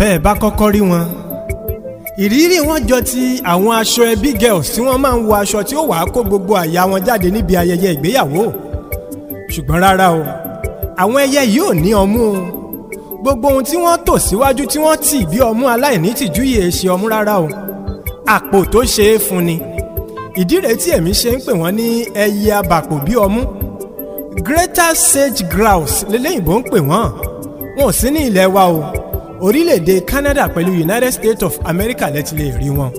bẹ́ẹ̀ bá kọ́kọ́ rí wọn ìrírí wọn jọ ti àwọn aṣọ ẹbí girls tí wọ́n máa ń wọ aṣọ tí ó wàá kó gbogbo àyà wọn jáde níbi ayẹyẹ ìgbéyàwó ṣùgbọ́n rárá o àwọn ẹyẹ yìí ò ní ọmú o gbogbo ohun tí wọ́n tò síwájú tí wọ́n tì bí ọmú aláìní tìjú yìí ṣe ọmú rárá o àpò tó ṣe é fún ni ìdí rèé tí èmi ṣe ń pè wọ́n ní ẹyẹ abàpò bí ọmú greater sage grouse lélẹ́yìnbó ń pè wọ́n wọn ò sí ní ilẹ̀ wa o orílẹ̀-èdè Canada pẹ̀lú United States of America lẹ́tí lè rí wọn.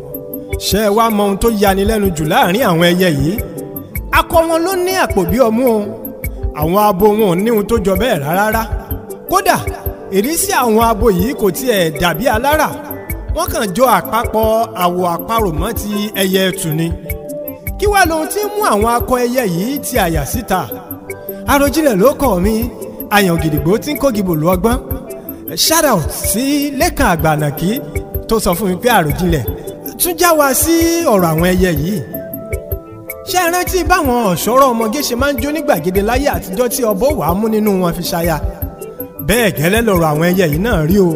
ṣé ẹ wá mọ ohun tó yani lẹ́nu jù láàrin àwọn ẹyẹ yìí? akọ wọn ló ní àpò bí ọmú o àwọn abo wọn ò ní ohun tó jọ bẹ́ẹ̀ rárá kódà ìrísí àwọn abo yìí kò tiẹ̀ dàbí alára wọ́n kàn jọ àpapọ̀ àwọ̀ àparò mọ́ ti ẹyẹ ẹtù ni kí wàá lohun tí ń mú àwọn akọ ẹyẹ yìí ti àyà síta àròjinlẹ̀ ló kọ̀ mí àyàn gidigbo tí ń kó gìbò lu shout out sí lẹ́kàn àgbànàkí tó sọ fún mi pé àròjinlẹ̀ tún já wa sí ọ̀rọ̀ àwọn ẹyẹ yìí ṣé ẹ rántí báwọn ọ̀ṣọ́rọ̀ ọmọge ṣe máa ń jó ní gbàgede láyé àtijọ́ tí ọbọ wàá mú nínú wọn fi ṣaya bẹ́ẹ̀ gẹ́lẹ́ lọ̀rọ̀ àwọn ẹyẹ yìí náà rí o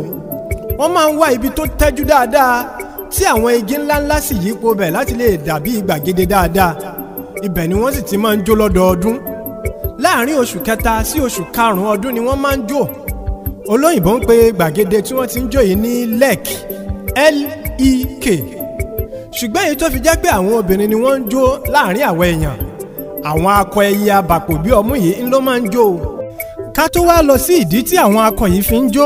wọ́n máa ń wá ibi tó tẹ́jú dáadáa tí àwọn igi ńláńlá sì yípo bẹ̀ láti lè dàbí gbàgede dáadáa ibẹ̀ ni wọ́n sì ti máa ń jó lọ́dọọdún láàárín oṣù kẹta sí oṣù karùn-ún ọdún ni wọ́n máa ń jó olóyìnbó ń pe gbàgede tí wọ́n ti ń jó yìí ní lek l-e-k ṣùgbọ́n èyí tó fi jẹ́ pé àwọn obìnrin ni wọ́n ń jó láàrin àwọn èèyàn àwọn akọ ẹyẹ abàpò bí ọmú yìí ń ló máa ń jó o ká tó wá lọ sí ìdí tí àwọn akọ yìí fi ń jó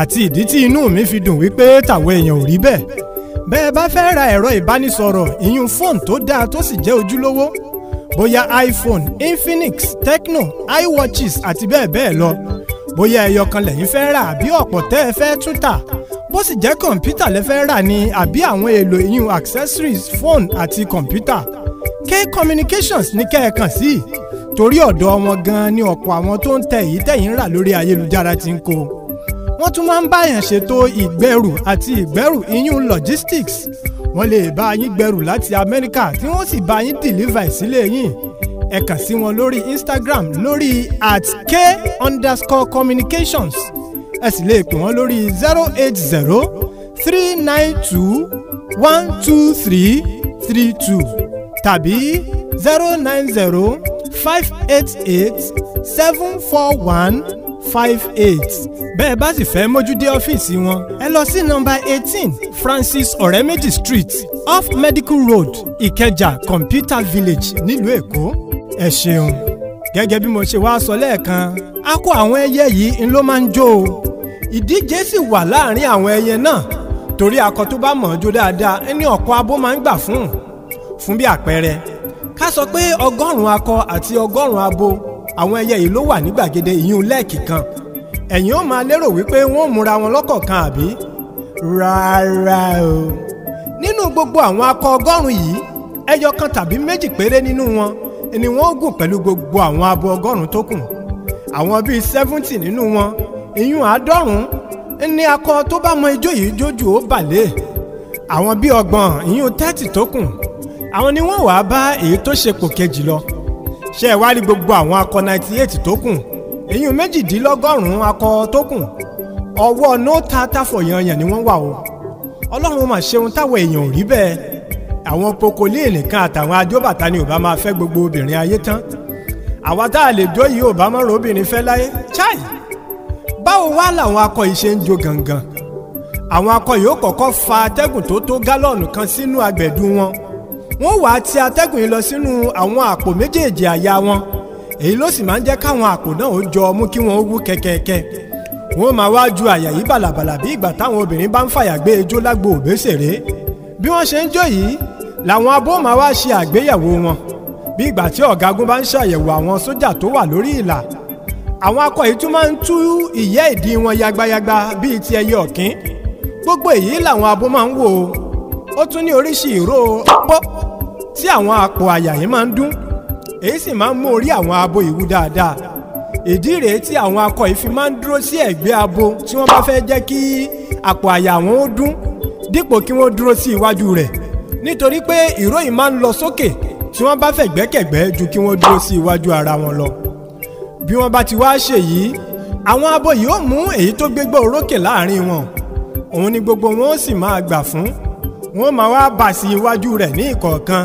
àti ìdí tí inú mi fi dùn wípé tàwọn èèyàn ò rí bẹ́ẹ̀ bẹ́ẹ̀ bá fẹ́ ra ẹ̀rọ ìbánisọ̀rọ̀ ìyún fóònù tó dáa tó sì jẹ́ ojúlówó bóyá iPhone Infinix Tecno iWatches àti bẹ́ẹ̀ bẹ́ẹ̀ lọ bóyá ẹyọ kan lẹ́yìn fẹ́ rà àbí ọ̀pọ̀ tẹ́ ẹ fẹ́ tún tà bó sì jẹ́ kọ̀ǹpútà lẹ fẹ́ rà ni àbí àwọn èlò ìyún accessories phone àti kọ̀ǹpútà K Communications ní kẹ́ẹ̀kan sí i torí ọ̀dọ̀ wọn gan-an ni ọ̀pọ̀ àwọn tó ń tẹ èyí tẹ̀yìn rà lórí ayélujára ti ń kó wọ́n tún máa ń báyàn ṣètò ìgbẹ́rù àti ìgbẹ́rù ìyún logistics wọ́n lè bá yín gbẹ́rù láti Amẹ́ríkà tí wọ́n sì bá yín dìlíva ìsílẹ̀ yín ẹ kàn sí wọn lórí Instagram lórí at k underscore communications ẹ sì lè pè wọ́n lórí zero eight zero three nine two one two three three two tàbí zero nine zero five eight eight seven four one five eight bẹ́ẹ̀ bá sì fẹ́ mójú dé ọ́fíìsì wọn ẹ lọ sí nọ́mbà eighteen Francis Ọ̀rẹ́méjì street off Medical Road Ikeja, Computer Village nílùú Èkó ẹ ṣeun gẹ́gẹ́ bí mo ṣe wá sọ lẹ́ẹ̀kan akọ àwọn ẹyẹ yìí ń ló máa ń jó o ìdíje sì wà láàrin àwọn ẹyẹ náà torí akọ tó bá mọ̀ ọ́ jó dáadáa ẹni ọ̀kọ́ abó máa ń gbà fún un fún bí àpẹẹrẹ ká sọ pé ọgọ́rùn-ún akọ àti ọgọ́rùn-ún abo àwọn ẹyẹ yìí ló wà ní gbàgede ìyún lẹ́ẹ̀kì kan ó máa lérò wípé wọ́n múra wọn lọ́kọ̀ọ̀kan àbí rárá o nínú gbogbo àwọn akọ ọgọ́rùn-ún yìí ẹyọ kan tàbí méjì péré nínú wọn ni wọ́n gùn pẹ̀lú gbogbo àwọn abo ọgọ́rùn-ún tó kù àwọn bíi seventy nínú wọn ìyún àádọ́rùn-ún ní akọ tó bá mọ ijó yìí jójú ó bàlẹ̀ àwọn bíi ọgbọ̀n ìyún thirty tó kù àwọn ni wọ́n wàá bá èyí tó ṣe pò kejì lọ ṣe ẹ̀ wá rí gbogbo àwọn akọ ninety eight tó kù ìyún méjìdínlọ́gọ́rùn-ún akọ tó kù ọwọ́ nóòtà táfọ̀yàn yẹn ni wọ́n wà o ọlọ́run mà ṣeun táwọn èèyàn ò rí bẹ́ẹ̀ àwọn pokolé nìkan àtàwọn adóbàtà ni ò bá máa fẹ́ gbogbo obìnrin ayé tán àwa tá a lè jó yìí ò bá máa rọ obìnrin fẹ́ láyé chai báwo wá làwọn akọ̀yí ṣe ń jó gangan àwọn akọ̀yí ó kọ́kọ́ fa atẹ́gùn tó tó gálọ́ọ̀nù kan sínú agbẹ̀dú wọn wọ́n wàá ti atẹ́gùn yìí lọ sínú àwọn àpò méjèèjì àyà wọn èyí ló sì máa ń jẹ́ káwọn àpò náà ó jọ ọmú kí wọ́n ó wú kẹ̀kẹ̀kẹ̀ wọ́n máa wá ju àyà yìí bàlàbàlà bí ìgbà táwọn obìnrin bá ń fàyà gbé lágbo òbésèré bí wọ́n ṣe ń jó yìí làwọn abóhùnmá wá ṣe àgbéyẹ̀wò wọn bí ìgbà tí ọ̀gágun bá ń ṣàyẹ̀wò àwọn sójà tó wà lórí ìlà àwọn akọ yìí tún máa ń tú ìyẹ́ ìdí wọn yagbayagba bíi ti ẹyẹ ọ̀kín gbogbo èyí làwọn abo máa ń wò ó ó tún ní oríṣi ìró pọ́ tí àwọn àpò àyà yìí máa ń dún èyí sì máa ń mú orí àwọn abo ìwú dáadáa ìdí rèé tí àwọn akọ yìí fi máa ń dúró sí ẹ̀gbẹ́ abo tí wọ́n bá fẹ́ jẹ́ kí àpò àyà wọn ó dún dípò kí wọ́n dúró sí iwájú rẹ̀ nítorí pé ìròyìn máa ń lọ sókè tí wọ́n bá fẹ̀gbẹ́kẹ̀gbẹ́ ju kí wọ́n dúró sí iwájú ara wọn lọ bí wọ́n bá ti wá ṣèyí àwọn abo yìí ó mú èyí tó gbégbá orókè láàrin wọn òun ni gbogbo wọn ó sì máa gbà fún wọn máa wá bà sí iwájú rẹ̀ ní ìkọ̀ọ̀kan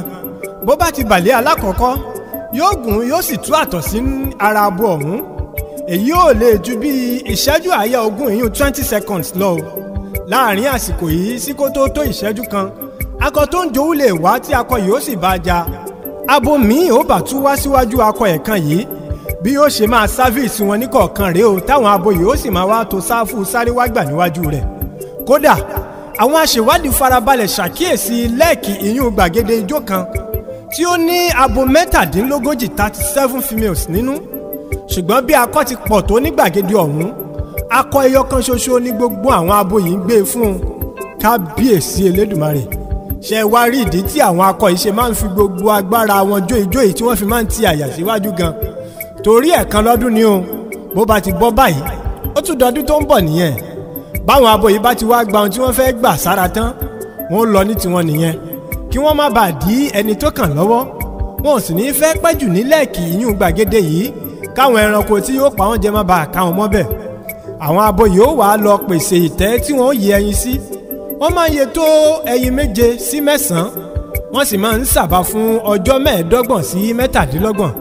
bó bá ti bàlé alákọ̀ọ́kọ́ yóò gùn yóò sì tú àtọ̀ sí ara abo ọ̀hún èyí ò lè ju bí ìṣẹ́jú àáyá ogún ìyún twenty seconds lọ láàrin àsìkò yìí sí kó tó tó ìṣẹ́jú kan akọ tó ń jowú lè wá tí akọ yìí ó sì bá a jà abo míì ó bà tún wá síwájú akọ ẹ̀kan yìí bí yóò ṣe máa sáfíìsì wọn ní kọ̀ọ̀kan rèé o táwọn abo yìí ó sì máa wá to sáfù sáré wá níwájú rẹ̀ kódà àwọn aṣèwádìí farabalẹ̀ ṣàkíyèsí lẹ́ẹ̀kì ìyún gbàgede ijó kan tí ó ní abo mẹ́tàdínlógójì thirty seven females nínú ṣùgbọ́n bí akọ ti pọ̀ tó ní gbàgede ọ̀hún akọ ẹyọ kan ṣoṣo ní gbogbo àwọn abo yìí ń gbé fún kábíyèsí elédùmarè ṣe wá rí ìdí tí àwọn akọ̀yí ṣe máa ń fi gbogbo agbára wọn jóìjóì tí wọ́n fi máa ń ti àyà síwájú gan torí ẹ̀kan lọ́dún ni o bó ba ti bọ́ báyìí ó tún dọdún tó ń bọ̀ nìyẹn báwọn aboyè bá ti wá gba ohun tí wọ́n fẹ́ gbà sára tán wọ́n lọ ní tiwọn nìyẹn kí wọ́n má bàa dí ẹni tó kàn lọ́wọ́ wọn ò sì ní fẹ́ pẹ́jù nílẹ̀ kì í yún gbàgede yìí káwọn ẹranko tí yóò pa wọ́n jẹ má bàa ká wọn mọ́bẹ̀ àwọn aboyè ó wàá lọ pèsè ìtẹ́ tí wọ́n ó yẹ ẹyin sí si wọ́n máa ń yè tó ẹyin méje sí mẹ́sàn-án wọ́n sì máa ń sàbà fún ọjọ́ mẹ́ẹ̀ẹ́dọ́gbọ̀n sí mẹ́tàdínlọ́gbọ̀n.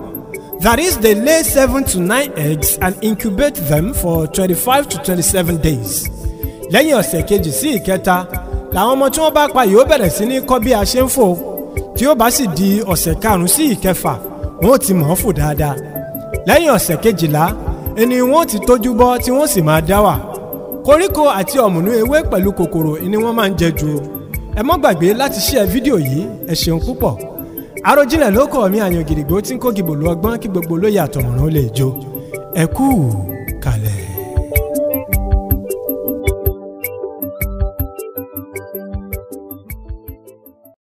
That is they lay seven to nine eggs and incubate them for twenty-five to twenty-seven days. lẹ́yìn ọ̀sẹ̀ kejì sí ìkẹta làwọn ọmọ tí wọ́n bá pa yìí bẹ̀rẹ̀ sí ní kọ́ bí a ṣe ń fò tí ó bá sì di ọ̀sẹ̀ karùn-ún sí ìkẹfà wọn ò ti mọ̀ ọ́n fò dáadáa. lẹ́yìn ọ̀sẹ̀ kejìlá ẹni wọn ti tójú bọ́ tí wọ́n sì máa dá wà koríko àti ọ̀mùnú ewé pẹ̀lú kòkòrò ni wọ́n máa ń jẹ jù ẹ mọ́ gbàgbé láti ṣí ẹ fídíò yìí ẹ ṣeun púpọ̀ Àròjinlẹ̀ ló kọ́ mi àyàn gidigbo tí ń kó gìbò lu ọgbọ́n kí gbogbo olóye àtọ̀mọ̀ràn lè jó ẹ kú kalẹ̀.